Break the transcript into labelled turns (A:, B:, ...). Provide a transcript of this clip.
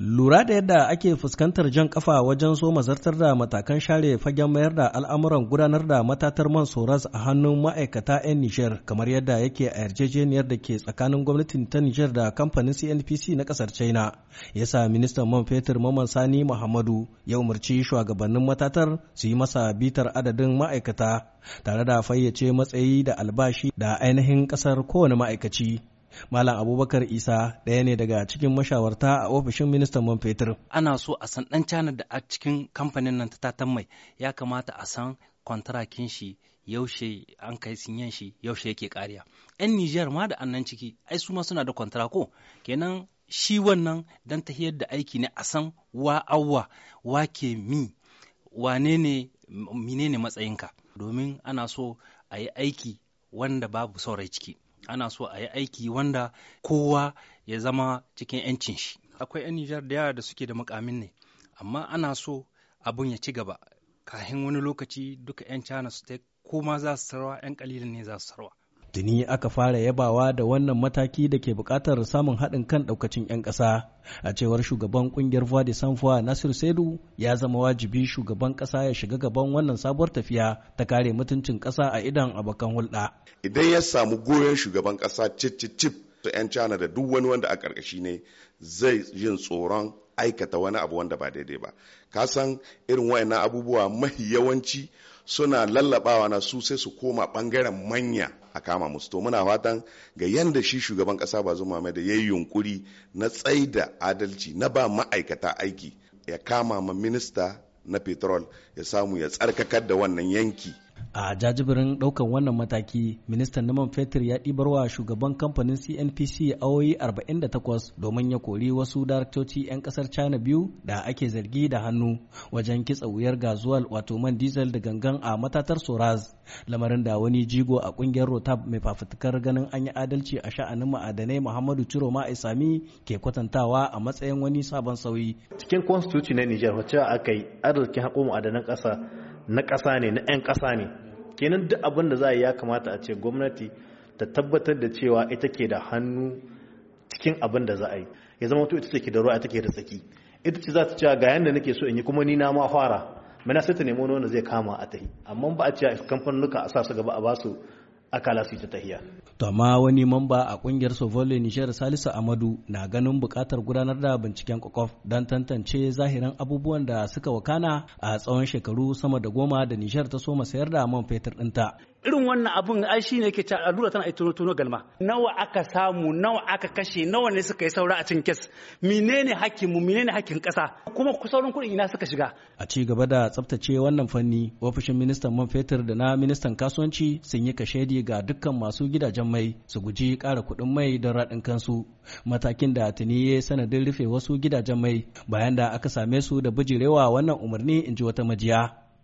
A: Lura da yadda ake fuskantar jan kafa wajen so mazartar da matakan share fagen mayar da al'amuran gudanar da matatar man soras a hannun ma'aikata 'yan Nijar kamar yadda yake a yarjejeniyar da ke tsakanin gwamnatin ta Nijar da kamfanin CNPC na kasar China. sa ministan man fetur Maman Sani Muhammadu ya umarci shugabannin matatar su yi masa bitar adadin ma'aikata tare da fayyace matsayi da albashi da ainihin kasar kowane ma'aikaci. Malam Abubakar Isa ɗaya ne daga cikin mashawarta a ofishin ministan man fetur.
B: Ana so a san ɗan canar da a cikin kamfanin nan ta tatan mai ya kamata a san kwantarakin shi yaushe an kai sinyan shi yaushe yake kariya. 'Yan Nijar ma da annan ciki ai su ma suna da kwantara ko kenan shi wannan don ta da aiki ne a san wa awwa wa ke mi wane ne mine ne matsayinka domin ana so a yi aiki wanda babu saurayi ciki ana so a yi aiki wanda kowa ya zama cikin 'yancin shi akwai 'yan nijar da yawa da suke da mukamin ne amma ana so abun ya ci gaba kahin wani lokaci duka 'yan cana su ta koma za su sarwa 'yan kalilin ne za su sarwa
A: Tuni aka fara yabawa da wannan mataki da ke buƙatar samun haɗin kan ɗaukacin 'yan ƙasa. A cewar shugaban ƙungiyar voa de Sanfoa Nasir Saidu ya zama wajibi shugaban ƙasa ya shiga gaban wannan sabuwar tafiya ta kare mutuncin ƙasa a idan abokan hulɗa.
C: Idan ya samu goyon shugaban ƙasa cip cip cip 'yan cana da duk wani wanda a ƙarƙashi ne zai yin tsoron aikata wani abu wanda ba daidai ba. Ka san irin wayannan abubuwa mahi yawanci suna lallabawa na su sai su koma ɓangaren manya. a kama musu to muna fatan ga yanda shi shugaban kasa ba zuma mai da yayi yunkuri na da adalci na ba ma'aikata aiki ya kama ma minista na petrol ya samu ya tsarkakar da wannan yanki
A: a jajibirin daukan wannan mataki ministan na man fetur ya ɗibarwa shugaban kamfanin cnpc awoyi 48 domin ya kori wasu daraktoci 'yan kasar china biyu da ake zargi da hannu wajen kitsa wuyar gazuwal wato man diesel da gangan a matatar soraz lamarin da wani jigo a ƙungiyar rotab mai fafutukar ganin an yi adalci a sha'anin ma'adanai muhammadu ciroma isami ke kwatantawa a matsayin wani
D: sabon sauyi cikin constitution na nijar wacce aka yi adalcin haƙo ma'adanan ƙasa na ƙasa ne na 'yan ƙasa ne kenan duk abin da za a yi ya kamata a ce gwamnati ta tabbatar da cewa ita ke da hannu cikin abin da za a yi ya zama to ita ce ke da ruwa ita ke da tsaki ita ce za ta cewa ga yanda nake so in yi kuma ni na ma fara mana sai ta nemo wanda zai kama a ta yi amma ba a ce kamfanuka a sa su gaba a ba su akala su ta tahiya. To amma
A: wani mamba a kungiyar sovolle Nijar Salisu Amadu na ganin buƙatar gudanar da binciken kwakwaf don tantance zahirin abubuwan da suka wakana a tsawon shekaru sama da goma da Nijar ta soma sayar da man fetur ɗinta.
B: irin wannan abun ai ne ke ta allura tana tono tono galma nawa aka samu nawa aka kashe nawa ne suka yi saura a cikin kes menene hakkin mu menene hakkin kasa kuma sauran kuɗin ina suka shiga
A: a ci gaba da tsaftace wannan fanni ofishin ministan man fetur da na ministan kasuwanci sun yi kashedi ga dukkan masu gidajen mai su guji ƙara kuɗin mai don raɗin kansu matakin da tuni ya sanadin rufe wasu gidajen mai bayan da aka same su da bijirewa wannan umarni in ji wata majiya